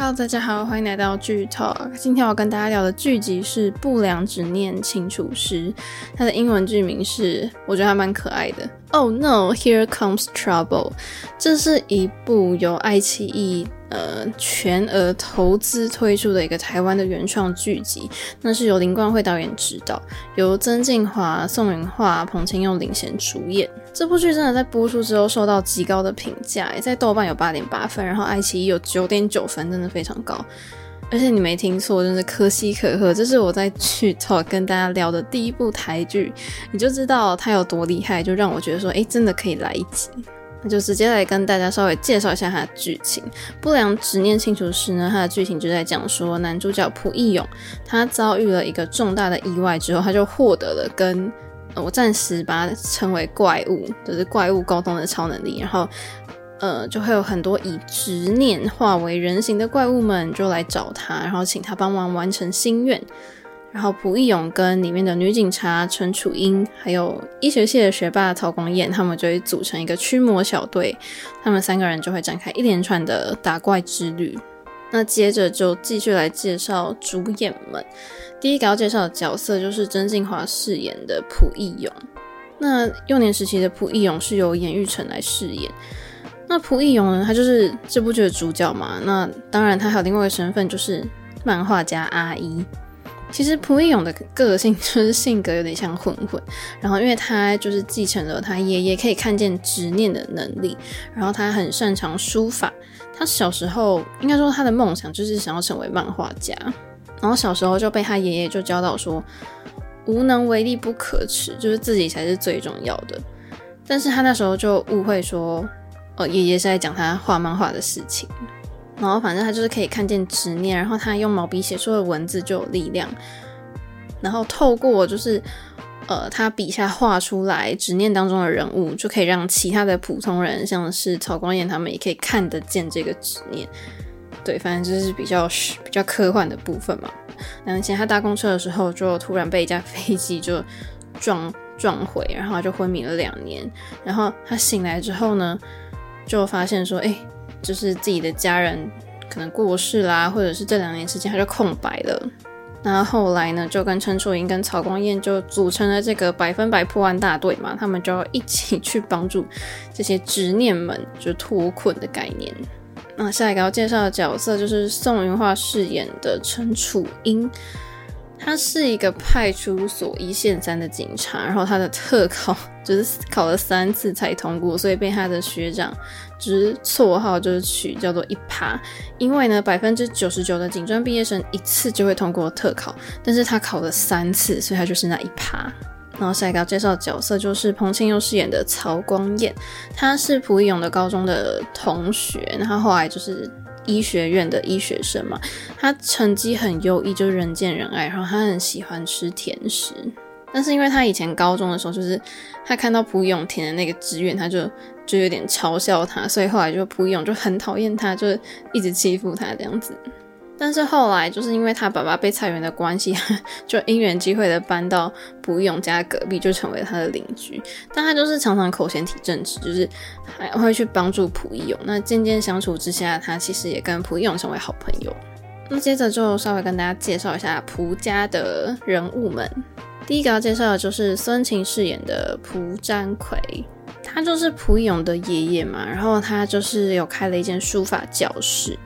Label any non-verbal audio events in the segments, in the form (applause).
Hello，大家好，歡迎來到劇透。今天我要跟大家聊的劇集是《不良執念清除師》，它的英文劇名是，我覺得還蠻可愛的。Oh no, here comes trouble！這是一部由愛奇藝呃全額投資推出的一個台灣的原創劇集，那是由林冠慧導演執導，由曾敬驊、宋芸樺、彭千祐領銜主演。這部劇真的在播出之後，受到極高的評價，在豆瓣有八點八分，然後愛奇藝有九點九分，真的非常高。而且你沒聽錯，真的可喜可賀。這是我在劇透跟大家聊的第一部台劇，你就知道它有多厲害，就讓我覺得說，誒，真的可以來一集。那就直接來跟大家稍微介紹一下它的劇情。《不良執念清除師》呢，它的劇情就在講說，男主角蒲一永他遭遇了一個重大的意外之後，他就獲得了跟我暫時把它稱為怪物，就是怪物溝通的超能力。然後，呃，就會有很多以執念化為人形的怪物們就來找他，然後請他幫忙完成心願。然後，蒲一永跟裡面的女警察陳楮英，還有醫學系的學霸的曹光硯，他們就會組成一個驅魔小隊。他們三個人就會展開一連串的打怪之旅。那接着就繼續來介紹主演們。第一個要介紹的角色就是曾敬驊飾演的蒲一永。那幼年時期的蒲一永是由嚴玉成來飾演。那蒲一永呢，他就是這部劇的主角嘛。那當然，他還有另外一個身份，就是漫畫家阿一。其實蒲一永的個性就是性格有點像混混。然後，因為他就是繼承了他爺爺可以看見執念的能力。然後，他很擅長書法。他小時候應該說他的夢想就是想要成為漫畫家。然後小時候就被他爺爺就教導說，無能為力不可恥，就是自己才是最重要的。但是他那時候就誤會說，呃，爺爺是在講他畫漫畫的事情。然後反正他就是可以看見執念，然後他用毛筆寫出的文字就有力量，然後透過就是呃他筆下畫出來執念當中的人物，就可以讓其他的普通人，像是曹光硯他們，也可以看得見這個執念。對，反正就是比較比較科幻的部分嘛。然後前他搭公車的時候，就突然被一架飛機就撞撞毀，然後就昏迷了兩年。然後他醒來之後呢，就發現說，哎，就是自己的家人可能過世啦，或者是這兩年時間他就空白了。然後後來呢，就跟陳楮英、跟曹光硯就組成了這個百分百破案大隊嘛，他們就要一起去幫助這些執念們就脫困的概念。那、啊、下一個要介紹的角色就是宋芸樺飾演的陳楚英。他是一個派出所一線三的警察，然後他的特考就是考了三次才通過，所以被他的學長只是綽號就是取叫做一趴，因為呢百分之九十九的警專畢業生一次就會通過特考，但是他考了三次，所以他就是那一趴。然後下一個要介紹的角色就是彭千祐飾演的曹光彥，他是蒲一永的高中的同學，他後來就是醫學院的醫學生嘛，他成績很優異，就是人見人愛，然後他很喜歡吃甜食，但是因為他以前高中的時候就是他看到蒲一永填的那個志願，他就就有點嘲笑他，所以後來就蒲一永就很討厭他，就一直欺負他這樣子。但是後來，就是因為他爸爸被裁員的關係， (laughs) 就因緣際會的搬到蒲一永家隔壁，就成為他的鄰居。但他就是常常口嫌體正直，就是還會去幫助蒲一永。那漸漸相處之下，他其實也跟蒲一永成為好朋友。那接着就稍微跟大家介紹一下蒲家的人物們。第一個要介紹的就是孫晴飾演的蒲占魁，他就是蒲一永的爺爺嘛，然後他就是有開了一間書法教室。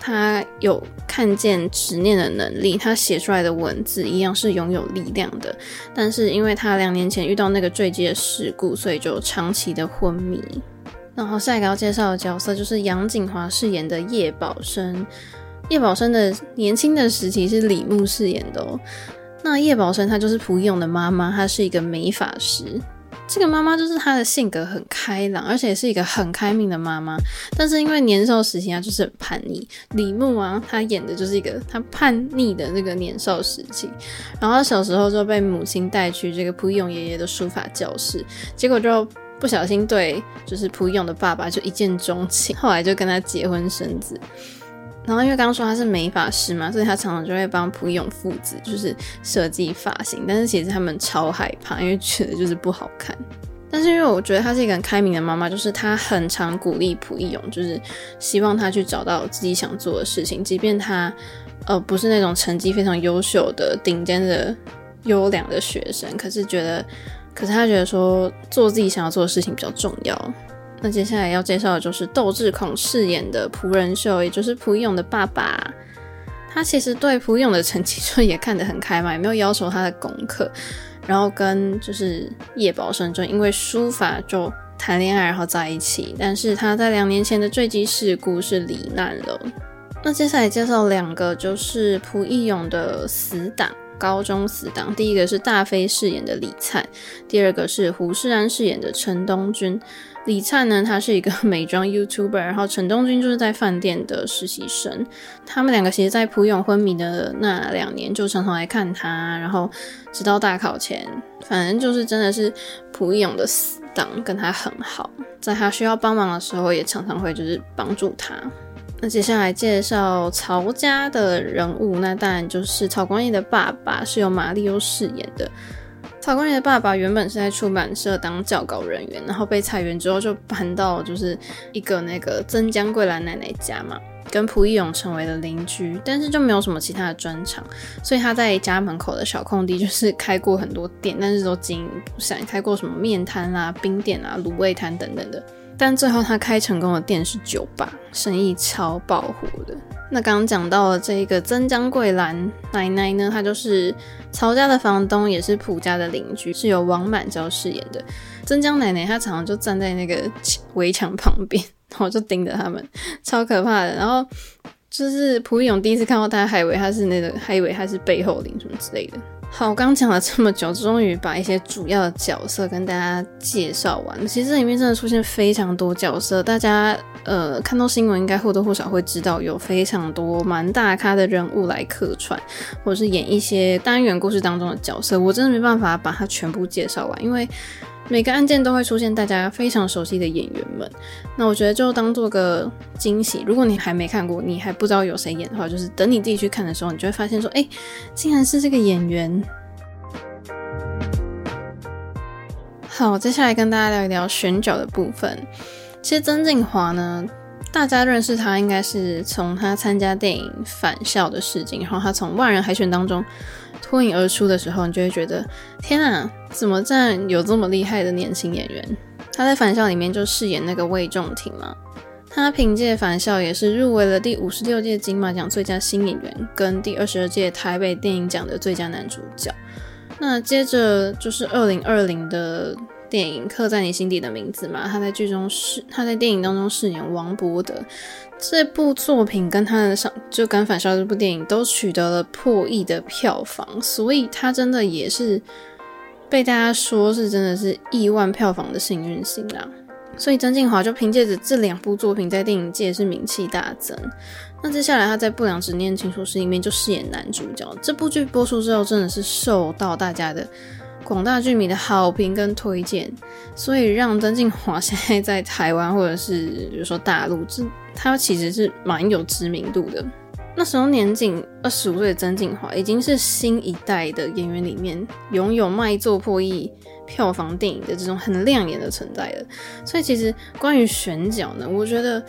他有看見執念的能力，他寫出來的文字一樣是擁有力量的。但是因為他兩年前遇到那個墜機的事故，所以就長期的昏迷。然後下一個要介紹的角色就是楊景華飾演的葉寶生。葉寶生的年輕的時期是李牧飾演的哦。那葉寶生她就是蒲一永的媽媽，她是一個美髮師。這個媽媽就是她的性格很開朗，而且也是一個很開明的媽媽。但是因為年少時期啊，就是很叛逆。李牧啊，他演的就是一個他叛逆的那個年少時期。然後小時候就被母親帶去這個蒲一永爺爺的書法教室，結果就不小心對，就是蒲一永的爸爸就一見鍾情，後來就跟他結婚生子。然後因為剛剛說她是美髮師嘛，所以她常常就會幫蒲一永父子就是設計髮型。但是其實他們超害怕，因為覺得就是不好看。但是因為我覺得她是一個很開明的媽媽，就是她很常鼓勵蒲一永，就是希望他去找到自己想做的事情，即便她呃不是那種成績非常優秀的頂尖的優良的學生，可是覺得，可是她覺得說做自己想要做的事情比較重要。那接下來要介紹的就是竇智孔飾演的蒲仁修，也就是蒲一永的爸爸。他其實對蒲一永的成績就也看得很開嘛，也沒有要求他的功課。然後跟就是葉保勝就因為書法就談戀愛，然後在一起。但是他在兩年前的墜機事故是罹難了。那接下來介紹兩個就是蒲一永的死黨，高中死黨。第一個是大飛飾演的李燦，第二個是胡世安飾演的陳東君。李燦呢，他是一個美妝 YouTuber，然後陳東君就是在飯店的實習生。他們兩個其實在蒲永昏迷的那兩年，就常常來看他，然後直到大考前，反正就是真的是蒲永的死黨，跟他很好，在他需要幫忙的時候，也常常會就是幫助他。那接下來介紹曹家的人物，那當然就是曹光義的爸爸，是由馬力歐飾演的。曹光硯的爸爸原本是在出版社當校稿人員，然後被裁員之後就搬到了就是一個那個曾江桂蘭奶奶家嘛，跟蒲一永成為了鄰居，但是就沒有什麼其他的專長，所以他在家門口的小空地就是開過很多店，但是都經營不善，開過什麼麵攤啦、冰店啊、滷味攤等等的。但最後他開成功的店是酒吧，生意超爆火的。那剛剛講到了這一個曾江桂蘭奶奶呢，她就是曹家的房東，也是蒲家的鄰居，是由王滿嬌飾演的。曾江奶奶她常常就站在那個圍牆旁邊，然後就盯着他們，超可怕的。然後就是蒲一永第一次看到她，還以為他是那個，還以為他是背後靈什麼之類的。好，我剛講了這麼久，終於把一些主要的角色跟大家介紹完了。其實這裡面真的出現非常多角色，大家呃看到新聞應該或多或少會知道，有非常多蠻大咖的人物來客串，或者是演一些單元故事當中的角色。我真的沒辦法把它全部介紹完，因為。每個案件都會出現大家非常熟悉的演員們，那我覺得就當做個驚喜。如果你還沒看過，你還不知道有誰演的話，就是等你自己去看的時候，你就會發現說，哎、欸，竟然是這個演員。好，接下來跟大家聊一聊選角的部分。其實曾敬驊呢？大家認識他，應該是從他參加電影《返校》的事情，然後他從萬人海選當中脫穎而出的時候，你就會覺得天哪，啊，怎麼在有這麼厲害的年輕演員？他在《返校》裡面就飾演那個魏仲廷嘛。他憑借《返校》也是入圍了第五十六屆金馬獎最佳新演員，跟第二十二屆台北電影獎的最佳男主角。那接着就是二零二零的。電影刻在你心底的名字嘛，他在劇中是他在電影當中飾演王柏德這部作品，跟他的上就跟《返校》這部電影都取得了破億的票房，所以他真的也是被大家說是真的是億萬票房的幸運星啊！所以曾敬驊就憑借着這兩部作品，在電影界是名氣大增。那接下來他在《不良執念清除師》裡面就飾演男主角，這部劇播出之後，真的是受到大家的，廣大劇迷的好評跟推薦，所以讓曾敬驊現在在台灣或者是比如說大陸，這他其實是蠻有知名度的。那時候年僅二十五歲的曾敬驊已經是新一代的演員裡面擁有賣座破億票房電影的這種很亮眼的存在了。所以其實關於選角呢，我覺得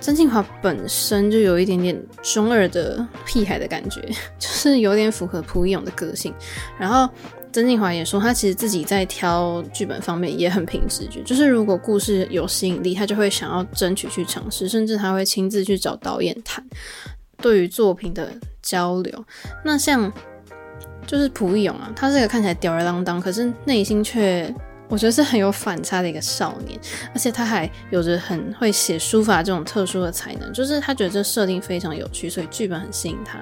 曾敬驊本身就有一點點中二的屁孩的感覺，就是有點符合蒲一永的個性，然後。曾敬驊也說，他其實自己在挑劇本方面也很憑直覺，就是如果故事有吸引力，他就會想要爭取去嘗試，甚至他會親自去找導演談對於作品的交流。那像就是蒲一永啊，他是個看起來吊兒郎當，可是內心卻我覺得是很有反差的一個少年，而且他還有着很會寫書法這種特殊的才能，就是他覺得這設定非常有趣，所以劇本很吸引他。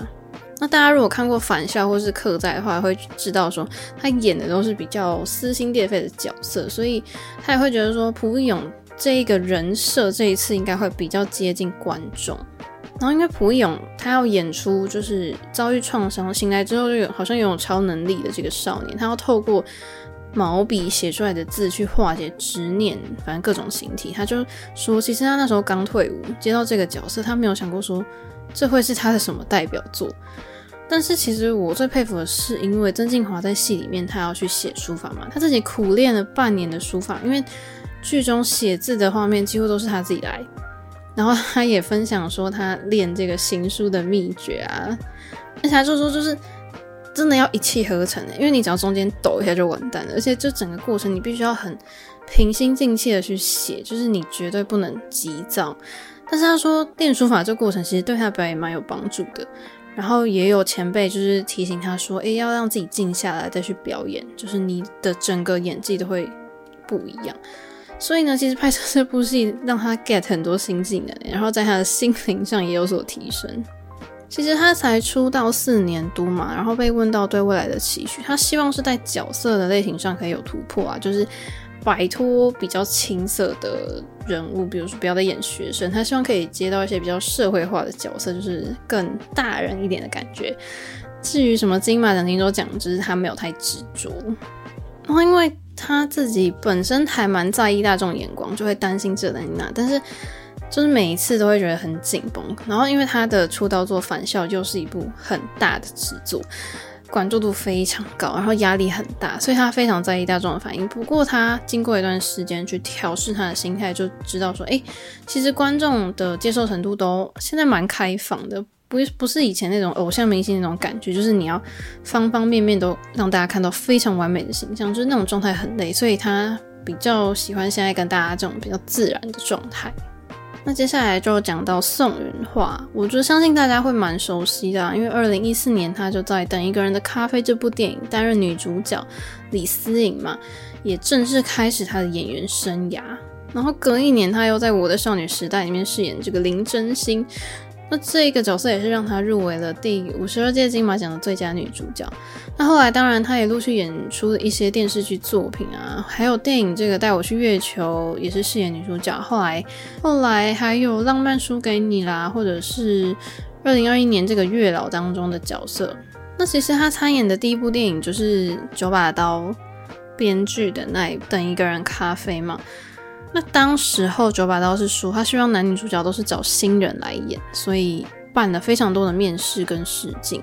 那大家如果看過《返校》或是《刻在》的話，會知道說他演的都是比較撕心裂肺的角色，所以他也會覺得說蒲一永這一個人設，這一次應該會比較接近觀眾。然後因為蒲一永他要演出就是遭遇創傷醒來之後就有好像擁有超能力的這個少年，他要透過毛筆寫出來的字去化解執念，反正各種形體。他就說，其實他那時候剛退伍接到這個角色，他沒有想過說，這會是他的什麼代表作。但是其實我最佩服的是，因為曾敬驊在戲裡面，他要去寫書法嘛，他自己苦練了半年的書法，因為劇中寫字的畫面幾乎都是他自己來。然後他也分享說，他練這個行書的秘訣啊，而且他就說，就是真的要一氣呵成的，欸，因為你只要中間抖一下就完蛋了。而且這整個過程你必須要很平心靜氣的去寫，就是你絕對不能急躁。但是他說練書法這個過程其實對他表演蠻有幫助的。然後也有前輩就是提醒他說，誒，要讓自己靜下來再去表演，就是你的整個演技都會不一樣。所以呢，其實拍攝這部戲讓他 get 很多新技能，然後在他的心靈上也有所提升。其實他才出道四年多嘛，然後被問到對未來的期許，他希望是在角色的類型上可以有突破啊，就是。擺脫比較青澀的人物，比如說不要再演學生，他希望可以接到一些比較社會化的角色，就是更大人一點的感覺。至於什麼金馬獎、金鐘獎，就是他沒有太執着。然、哦、後因為他自己本身還蠻在意大眾眼光，就會擔心這擔心那，但是就是每一次都會覺得很緊繃。然後因為他的出道作《返校》又是一部很大的制作。關注度非常高，然後壓力很大，所以他非常在意大眾的反應。不過他經過一段時間去調試他的心態，就知道說，哎，其實觀眾的接受程度都現在蠻開放的，不不是以前那種偶像明星那種感覺，就是你要方方面面都讓大家看到非常完美的形象，就是那種狀態很累，所以他比較喜歡現在跟大家這種比較自然的狀態。那接下來就要講到宋芸樺，我覺得相信大家會蠻熟悉的，因為二零一四年她就在《等一個人的咖啡》這部電影擔任女主角李思螢嘛，也正式開始她的演員生涯。然後隔一年，她又在我的少女時代裡面飾演這個林真心。那這一個角色也是讓她入圍了第五十二屆金馬獎的最佳女主角。那後來當然她也陸續演出了一些電視劇作品啊，還有電影這個帶我去月球也是飾演女主角。後來，後來還有浪漫輸給你啦，或者是二零二一年這個月老當中的角色。那其實她參演的第一部電影就是九把刀編劇的那一等一個人咖啡嘛。那當時候，九把刀是說，他希望男女主角都是找新人來演，所以辦了非常多的面試跟試鏡。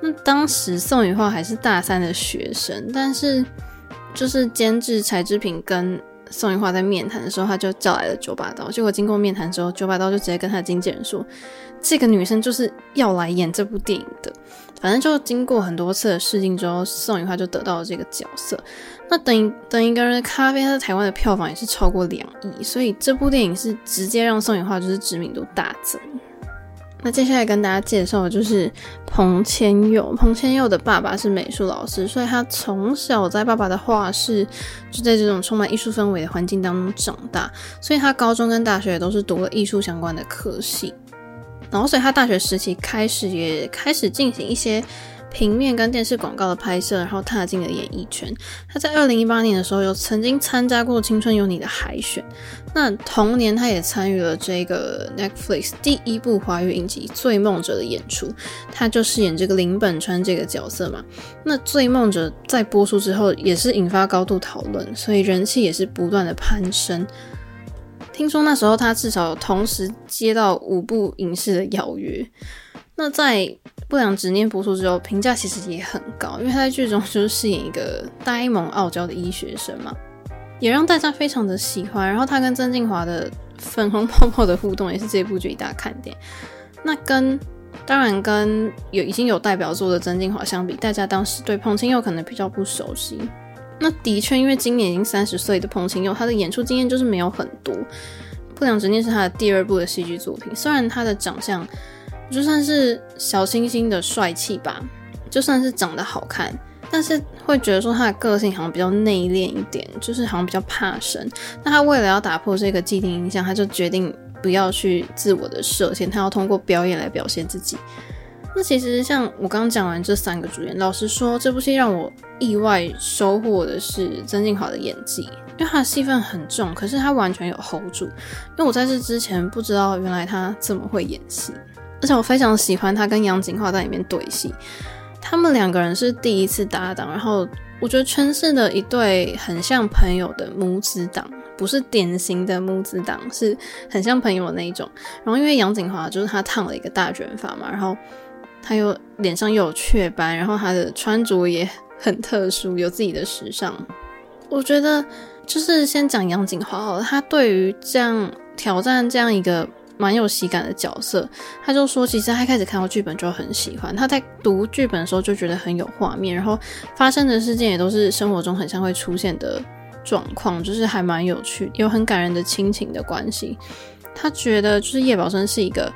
那當時宋芸樺還是大三的學生，但是就是監制柴智屏跟宋芸樺在面談的時候，他就叫來了九把刀。結果經過面談之後，九把刀就直接跟他的經紀人說，這個女生就是要來演這部電影的。反正就經過很多次的試鏡之後，宋芸樺就得到了這個角色。那等一，等一個人的咖啡，在台灣的票房也是超過兩億，所以這部電影是直接讓宋芸樺就是知名度大增。那接下來跟大家介紹的就是彭千祐。彭千祐的爸爸是美術老師，所以他從小在爸爸的畫室，就在這種充滿藝術氛圍的環境當中長大。所以他高中跟大學也都是讀了藝術相關的科系。然後，所以他大學時期開始也開始進行一些平面跟電視廣告的拍攝，然後踏進了演藝圈。他在二零一八年的時候，又曾經參加過《青春有你》的海選。那同年，他也參與了這個 Netflix 第一部華語影集《醉夢者》的演出，他就飾演這個林本川這個角色嘛。那《醉夢者》在播出之後，也是引發高度討論，所以人氣也是不斷的攀升。聽說那時候他至少有同時接到五部影視的邀約，那在《不良執念》播出之後，評價其實也很高，因為他在劇中就是飾演一個呆萌傲嬌的醫學生嘛，也讓大家非常的喜歡。然後他跟曾敬驊的粉紅泡泡的互動也是這部劇一大看點。那跟當然跟有已經有代表作的曾敬驊相比，大家當時對彭千祐可能比較不熟悉。那的確，因為今年已經三十歲的彭千祐，他的演出經驗就是沒有很多。《不良執念》是他的第二部的戲劇作品。雖然他的長相就算是小清新的帥氣吧，就算是長得好看，但是會覺得說他的個性好像比較內斂一點，就是好像比較怕生。那他為了要打破這個既定印象，他就決定不要去自我的設限，他要通過表演來表現自己。那其實像我剛講完這三個主演，老實說，這部戲讓我意外收穫的是曾敬驊的演技，因為他的戲份很重，可是他完全有 hold 住。因為我在這之前不知道原來他這麼會演戲，而且我非常喜歡他跟楊謹華在裡面對戲。他們兩個人是第一次搭檔，然後我覺得詮釋的一對很像朋友的母子檔，不是典型的母子檔，是很像朋友的那一種。然後因為楊謹華就是他燙了一個大卷髮嘛，然後。還有臉上又有雀斑，然後他的穿着也很特殊，有自己的時尚。我覺得就是先講曾敬驊，他對於這樣挑戰這樣一個蠻有喜感的角色，他就說，其實他一開始看到劇本就很喜歡。他在讀劇本的時候就覺得很有畫面，然後發生的事件也都是生活中很像會出現的狀況，就是還蠻有趣，有很感人的親情的關係。他覺得就是葉寶生是一個。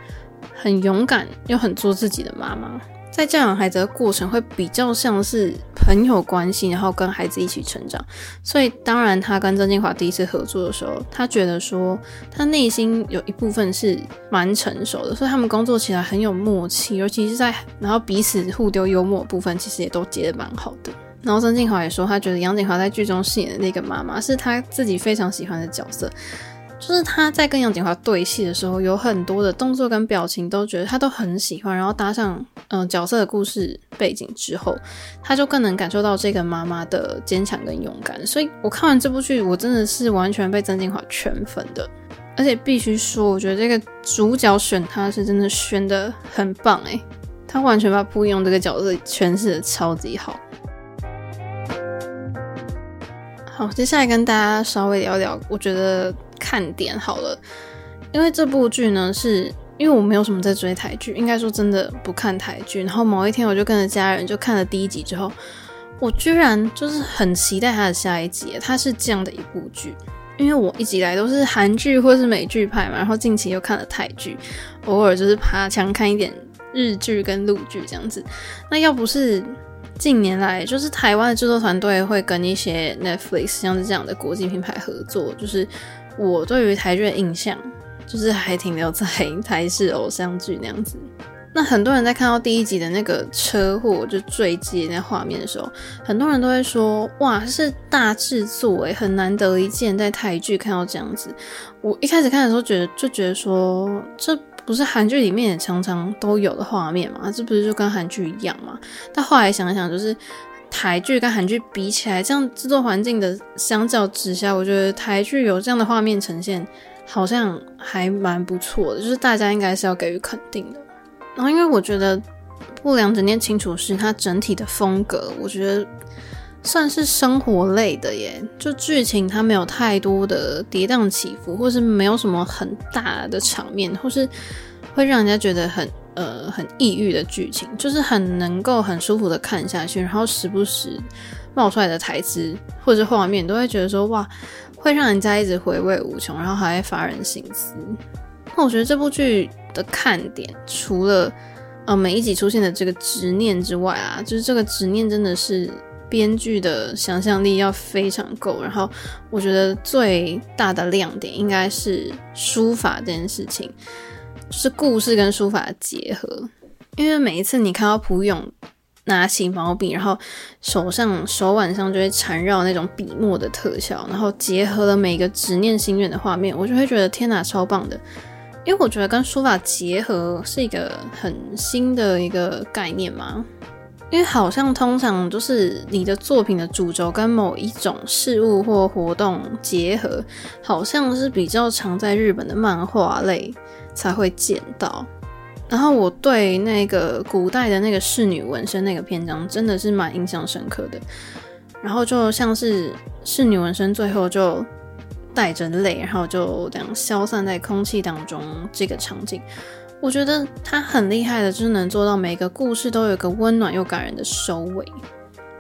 很勇敢又很做自己的媽媽，在教養孩子的過程會比較像是朋友關係，然後跟孩子一起成長。所以當然，他跟曾敬驊第一次合作的時候，他覺得說他內心有一部分是蠻成熟的，所以他們工作起來很有默契。尤其是在然後彼此互丟幽默的部分，其實也都接得蠻好的。然後曾敬驊也說，他覺得楊謹華在劇中飾演的那個媽媽，是他自己非常喜歡的角色。就是他在跟楊謹華對戲的時候，有很多的動作跟表情，都覺得他都很喜歡。然後搭上嗯、呃、角色的故事背景之後，他就更能感受到這個媽媽的堅強跟勇敢。所以我看完這部劇，我真的是完全被曾敬驊圈粉的。而且必須說，我覺得這個主角選他是真的選的很棒哎，欸，他完全把蒲一永這個角色詮釋的超級好。好，接下來跟大家稍微聊聊，我覺得。看點好了，因為這部劇呢，是因為我沒有什麼在追台劇，應該說真的不看台劇。然後某一天我就跟着家人就看了第一集之後，我居然就是很期待它的下一集。它是這樣的一部劇，因為我一直以來都是韓劇或是美劇派嘛，然後近期又看了泰劇，偶爾就是爬牆看一點日劇跟陸劇這樣子。那要不是近年來就是台灣的制作團隊會跟一些 Netflix 像是這樣的國際品牌合作，就是。我對於台劇的印象就是還停留在台式偶像劇那樣子。那很多人在看到第一集的那個車禍就墜機那畫面的時候，很多人都會說：哇，是大製作哎、欸，很難得一見在台劇看到這樣子。我一開始看的時候覺得，就覺得說，這不是韓劇裡面也常常都有的畫面嘛，這不是就跟韓劇一樣嘛？但後來想一想，就是。台劇跟韓劇比起來，這樣制作環境的相較之下，我覺得台劇有這樣的畫面呈現，好像還蠻不錯的，就是大家應該是要給予肯定的。然後，因為我覺得《不良執念清除師》它整體的風格，我覺得算是生活類的耶，就劇情它沒有太多的跌宕起伏，或是沒有什麼很大的場面，或是會讓人家覺得很。呃，很抑鬱的劇情，就是很能夠很舒服的看下去，然後時不時冒出來的台詞或者畫面，都會覺得說哇，會讓人家一直回味無窮，然後還會發人深思。那我覺得這部劇的看點，除了、呃、每一集出現的這個執念之外啊，就是這個執念真的是編劇的想象力要非常夠。然後我覺得最大的亮點應該是書法這件事情。就是故事跟書法結合，因為每一次你看到蒲永拿起毛筆，然後手上手腕上，就會纏繞那種筆墨的特效，然後結合了每一個執念心願的畫面，我就會覺得天哪、啊，超棒的！因為我覺得跟書法結合是一個很新的一個概念嘛。因為好像通常就是你的作品的主軸跟某一種事物或活動結合，好像是比較常在日本的漫畫類才會見到。然後我對那個古代的那個侍女紋身那個篇章真的是蠻印象深刻的。然後就像是侍女紋身最後就帶着淚，然後就這樣消散在空氣當中這個場景。我覺得他很厲害的，就是能做到每個故事都有一個溫暖又感人的收尾。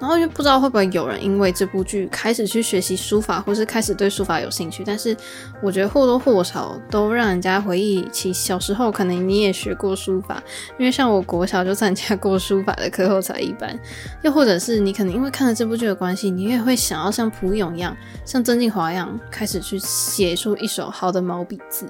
然後又不知道會不會有人因為這部劇開始去學習書法，或是開始對書法有興趣。但是我覺得或多或少都讓人家回憶起小時候，可能你也學過書法，因為像我國小就參加過書法的課後才藝班。又或者是你可能因為看了這部劇的關係，你也會想要像蒲永一樣，像曾敬驊一樣，開始去寫出一手好的毛筆字。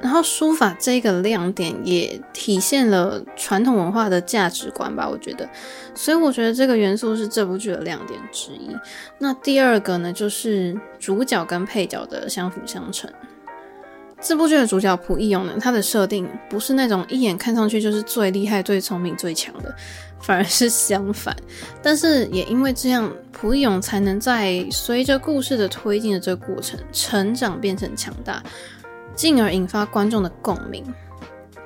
然後書法這個亮點也體現了傳統文化的價值觀吧，我覺得，所以我覺得這個元素是這部劇的亮點之一。那第二個呢，就是主角跟配角的相輔相成。這部劇的主角蒲一永呢，他的設定不是那種一眼看上去就是最厲害、最聰明、最強的，反而是相反。但是也因為這樣，蒲一永才能在隨着故事的推進的這個過程成長，變成強大。進而引發觀眾的共鳴。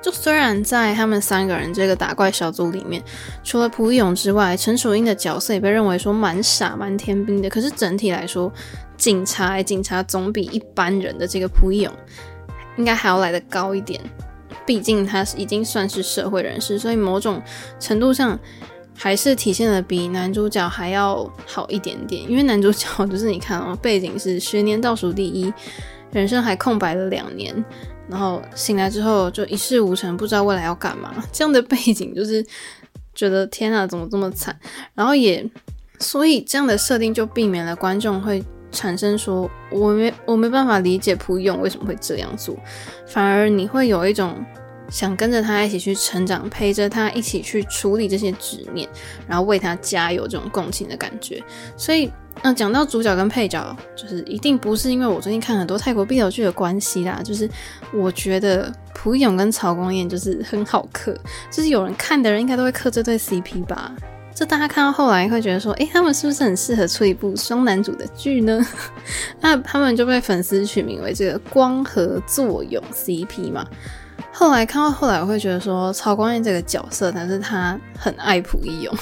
就雖然在他們三個人這個打怪小組裡面，除了蒲一永之外，陳楚英的角色也被認為說蠻傻蠻天兵的。可是整體來說，警察還警察總比一般人的這個蒲一永應該還要來得高一點。畢竟他是已經算是社會人士，所以某種程度上還是體現得比男主角還要好一點點。因為男主角就是你看哦，背景是學年倒數第一。人生還空白了兩年，然後醒來之後就一事無成，不知道未來要幹嘛。這樣的背景就是覺得天啊，怎麼這麼慘？然後也，所以這樣的設定就避免了觀眾會產生說我沒我沒辦法理解蒲永為什麼會這樣做，反而你會有一種，想跟着他一起去成長，陪着他一起去處理這些執念，然後為他加油，這種共情的感覺。所以，那、呃、講到主角跟配角，就是一定不是因為我最近看很多泰國必修劇的關係啦，就是我覺得普提蓬跟曹光彥就是很好磕，就是有人看的人應該都會磕這對 CP 吧。這大家看到後來會覺得說，哎、欸，他們是不是很適合出一部雙男主的劇呢？那、 (laughs) 啊、他們就被粉絲取名為這個光合作用 CP 嘛。後來看到後來，我會覺得說，曹光硯這個角色，但是他很愛蒲一永，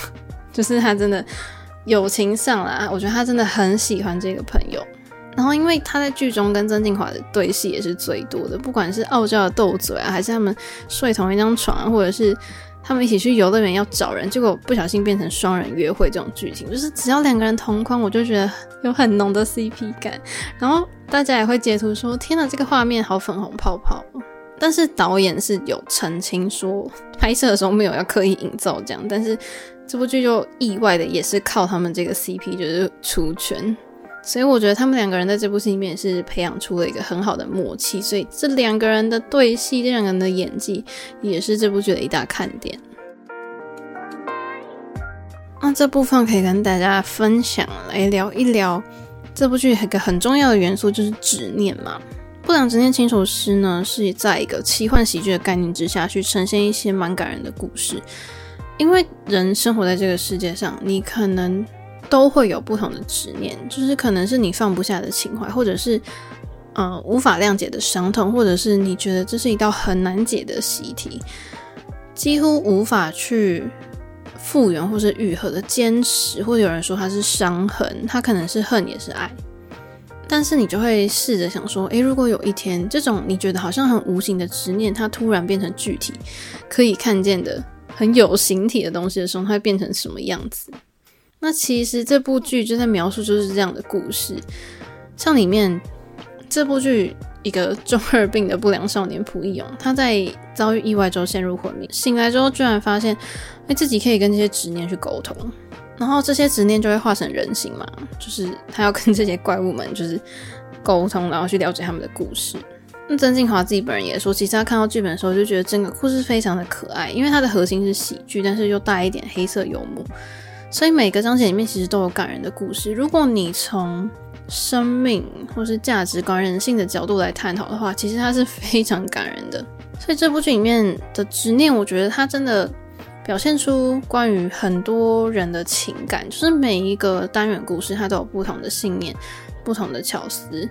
就是他真的友情上啦，我覺得他真的很喜歡這個朋友。然後，因為他在劇中跟曾敬驊的對戲也是最多的，不管是傲嬌的鬥嘴啊，還是他們睡同一張床，或者是。他們一起去遊樂園要找人，結果不小心變成雙人約會這種劇情，就是只要兩個人同框，我就覺得有很濃的 CP 感。然後大家也會截圖說：“天哪，這個畫面好粉紅泡泡。”但是導演是有澄清說，拍攝的時候沒有要刻意營造這樣，但是這部劇就意外的也是靠他們這個 CP，就是出圈。所以我覺得他們兩個人在這部戲裡面是培養出了一個很好的默契，所以這兩個人的對戲，這兩個人的演技也是這部劇的一大看點。那這部分可以跟大家分享來聊一聊這部劇一個很重要的元素就是執念嘛。《不良執念清除師》呢是在一個奇幻喜劇的概念之下去呈現一些蠻感人的故事，因為人生活在這個世界上，你可能，都會有不同的執念，就是可能是你放不下的情懷，或者是，呃，無法諒解的傷痛，或者是你覺得這是一道很難解的習題，幾乎無法去復原或是愈合的堅持。或者有人說它是傷痕，它可能是恨也是愛，但是你就會試着想說，誒，如果有一天這種你覺得好像很無形的執念，它突然變成具體可以看見的很有形體的東西的時候，它會變成什麼樣子？那其實這部劇就在描述就是這樣的故事，像裡面這部劇一個中二病的不良少年蒲一永，他在遭遇意外之後陷入昏迷，醒來之後居然發現，哎、欸、自己可以跟這些執念去溝通，然後這些執念就會化成人形嘛，就是他要跟這些怪物們就是溝通，然後去了解他們的故事。那曾敬驊自己本人也說，其實他看到劇本的時候就覺得整個故事非常的可愛，因為它的核心是喜劇，但是又帶一點黑色幽默。所以每個章節裡面其實都有感人的故事。如果你從生命或是價值觀、人性的角度來探討的話，其實它是非常感人的。所以這部劇裡面的執念，我覺得它真的表現出關於很多人的情感，就是每一個單元故事它都有不同的信念、不同的巧思。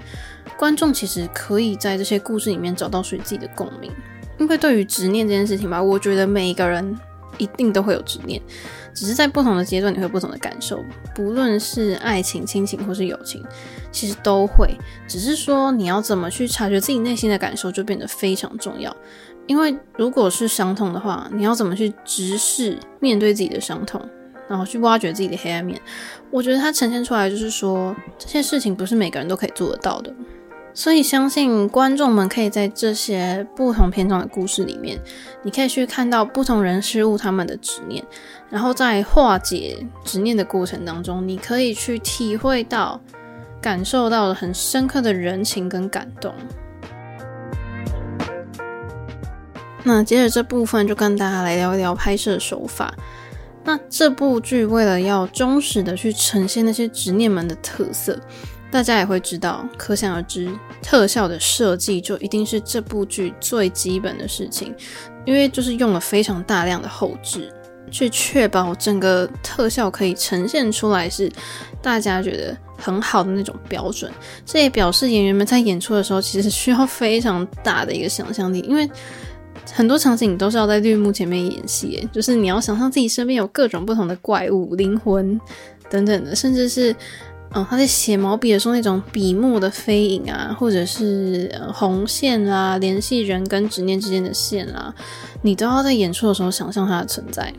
觀眾其實可以在這些故事裡面找到屬於自己的共鳴，因為對於執念這件事情吧，我覺得每一個人一定都會有執念。只是在不同的階段，你會有不同的感受。不論是愛情、親情或是友情，其實都會。只是說，你要怎麼去察覺自己內心的感受，就變得非常重要。因為如果是傷痛的話，你要怎麼去直視、面對自己的傷痛，然後去挖掘自己的黑暗面。我覺得它呈現出來，就是說，這些事情不是每個人都可以做得到的。所以，相信觀眾們可以在這些不同篇章的故事裡面，你可以去看到不同人事物他們的執念，然後在化解執念的過程當中，你可以去體會到、感受到很深刻的人情跟感動。那接着這部分，就跟大家來聊一聊拍攝手法。那這部劇為了要忠實的去呈現那些執念們的特色。大家也會知道，可想而知，特效的設計就一定是這部劇最基本的事情，因為就是用了非常大量的後製，去確保整個特效可以呈現出來是大家覺得很好的那種標準。這也表示演員們在演出的時候，其實需要非常大的一個想象力，因為很多場景都是要在綠幕前面演戲，就是你要想象自己身邊有各種不同的怪物、靈魂等等的，甚至是。哦，他在寫毛筆的時候，那種筆墨的飛影啊，或者是，呃，紅線啊，聯繫人跟執念之間的線啊，你都要在演出的時候想象它的存在。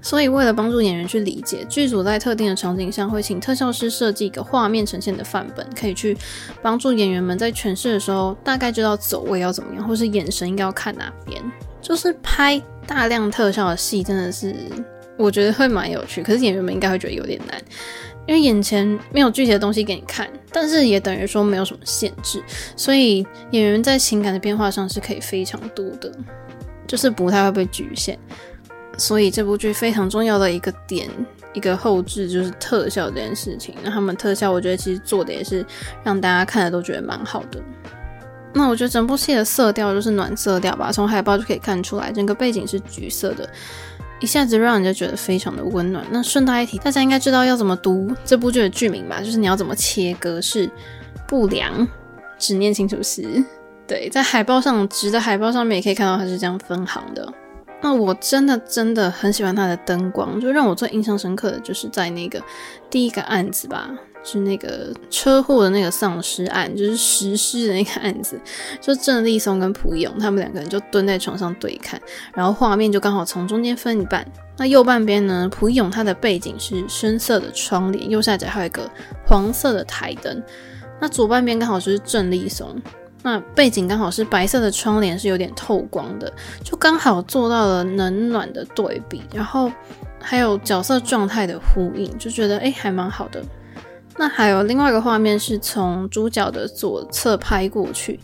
所以，為了幫助演員去理解，劇組在特定的場景下會請特效師設計一個畫面呈現的範本，可以去幫助演員們在詮釋的時候大概知道走位要怎麼樣，或是眼神應該要看哪邊。就是拍大量特效的戲，真的是我覺得會蠻有趣，可是演員們應該會覺得有點難。因為眼前沒有具體的東西給你看，但是也等於說，沒有什麼限制，所以演員在情感的變化上是可以非常多的，就是不太會被局限。所以這部劇非常重要的一個點，一個後製就是特效這件事情。那他們特效，我覺得其實做的也是讓大家看的都覺得蠻好的。那我覺得整部戲的色調就是暖色調吧，從海報就可以看出來，整個背景是橘色的。一下子讓人家覺得非常的溫暖。那順帶一提，大家應該知道要怎麼讀這部劇的劇名吧？就是你要怎麼切割，是不良，執念清除師。對，在海報上，直的海報上面也可以看到它是這樣分行的。那我真的真的很喜歡它的燈光，就讓我最印象深刻的就是在那個第一個案子吧。是那個車禍的那個喪屍案，就是食屍的那個案子。就鄭立松跟蒲永，他們兩個人就蹲在床上對看，然後畫面就剛好從中間分一半。那右半邊呢，蒲永他的背景是深色的窗簾，右下角還有一個黃色的台燈。那左半邊剛好就是鄭立松，那背景剛好是白色的窗簾，是有點透光的，就剛好做到了冷暖的對比，然後還有角色狀態的呼應，就覺得哎，還蠻好的。那還有另外一個畫面是從主角的左側拍過去，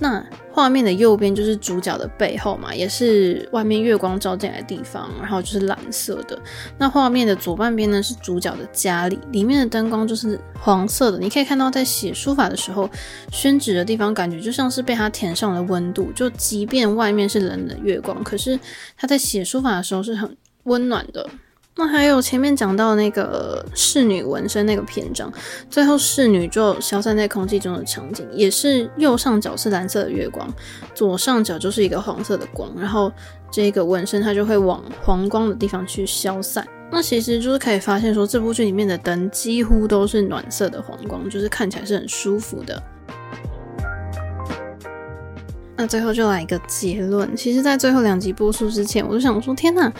那畫面的右邊就是主角的背後嘛，也是外面月光照進來的地方，然後就是藍色的。那畫面的左半邊呢，是主角的家裡，裡面的燈光就是黃色的。你可以看到在寫書法的時候，宣紙的地方感覺就像是被他填上了溫度，就即便外面是冷冷月光，可是他在寫書法的時候是很溫暖的。那還有前面講到那個侍女紋身那個篇章，最後侍女就消散在空氣中的場景，也是右上角是藍色的月光，左上角就是一個黃色的光，然後這個紋身它就會往黃光的地方去消散。那其實就是可以發現說，這部劇裡面的燈幾乎都是暖色的黃光，就是看起來是很舒服的。那最後就來一個結論，其實在最後兩集播出之前，我就想說，天哪！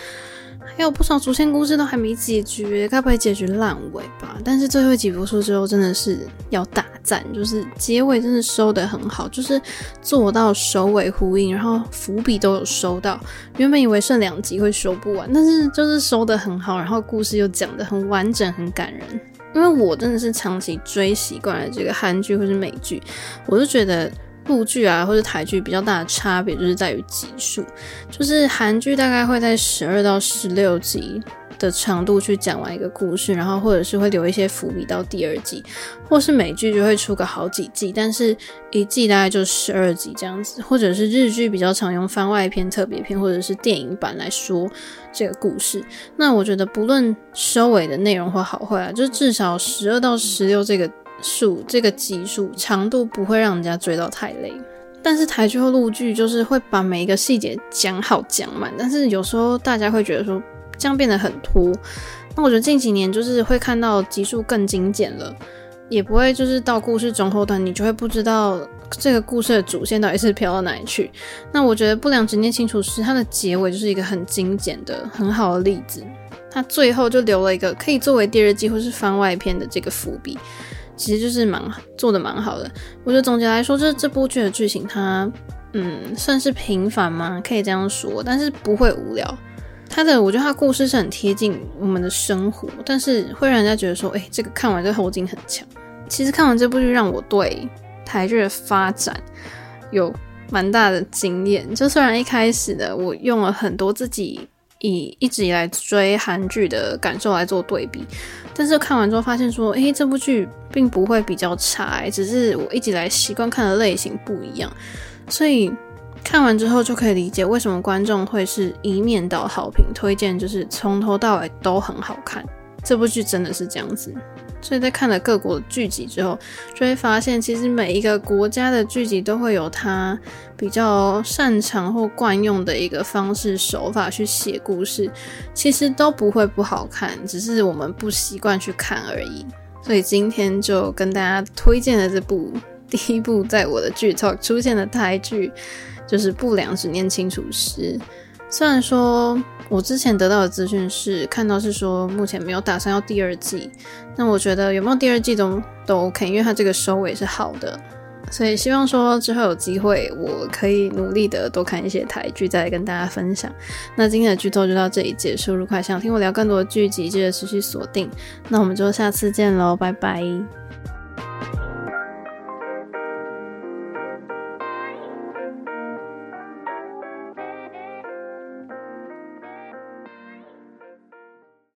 還有不少主線故事都還沒解決，該不會解決爛尾吧？但是最後幾播出之後真的是要大讚，就是結尾真的收得很好，就是做到首尾呼應，然後伏筆都有收到。原本以為剩兩集會收不完，但是就是收得很好，然後故事又講得很完整、很感人。因為我真的是長期追習慣了這個韓劇或是美劇，我就覺得。部劇啊，或者台劇比較大的差別就是在於集數，就是韓劇大概會在十二到十六集的長度去講完一個故事，然後或者是會留一些伏筆到第二季，或是美劇就會出個好幾季，但是一季大概就十二集這樣子，或者是日劇比較常用番外篇、特別篇或者是電影版來說這個故事，那我覺得不論收尾的內容或好壞啊，就至少十二到十六這個。數這個集數長度不會讓人家追到太累，但是台劇和陸劇就是會把每一個細節講好講滿，但是有時候大家會覺得說這樣變得很突。那我覺得近幾年就是會看到集數更精簡了，也不會就是到故事中後段你就會不知道這個故事的主線到底是飄到哪裡去。那我覺得《不良執念清除師》它的結尾就是一個很精簡的很好的例子，它最後就留了一個可以作為第二季或是番外篇的這個伏筆。其實就是蠻做的蠻好的，我覺得總結來說，就是這,這部劇的劇情它，嗯，算是平凡嗎？可以這樣說，但是不會無聊。它的，我覺得它故事是很貼近我們的生活，但是會讓人家覺得說，哎、欸，這個看完這個後勁很強。其實看完這部劇，讓我對台劇的發展有蠻大的經驗。就雖然一開始的我用了很多自己。以一直以來追韓劇的感受來做對比，但是看完之後發現說，誒、欸，這部劇並不會比較差，欸，只是我一直以來習慣看的類型不一樣，所以看完之後就可以理解為什麼觀眾會是一面倒好評推薦，就是從頭到尾都很好看。這部劇真的是這樣子，所以在看了各國的劇集之後，就會發現其實每一個國家的劇集都會有它比較擅長或慣用的一個方式手法去寫故事，其實都不會不好看，只是我們不習慣去看而已。所以今天就跟大家推薦的這部第一部在我的劇 t 出現的台劇，就是《不良執念清除師》。雖然說，我之前得到的資訊是看到是說目前沒有打算要第二季，那我覺得有沒有第二季都都 OK，因為它這個收尾是好的，所以希望說之後有機會我可以努力的多看一些台劇，再跟大家分享。那今天的劇透就到這裡結束，如果還想聽我聊更多的劇集，記得持續鎖定。那我們就下次見嘍，拜拜。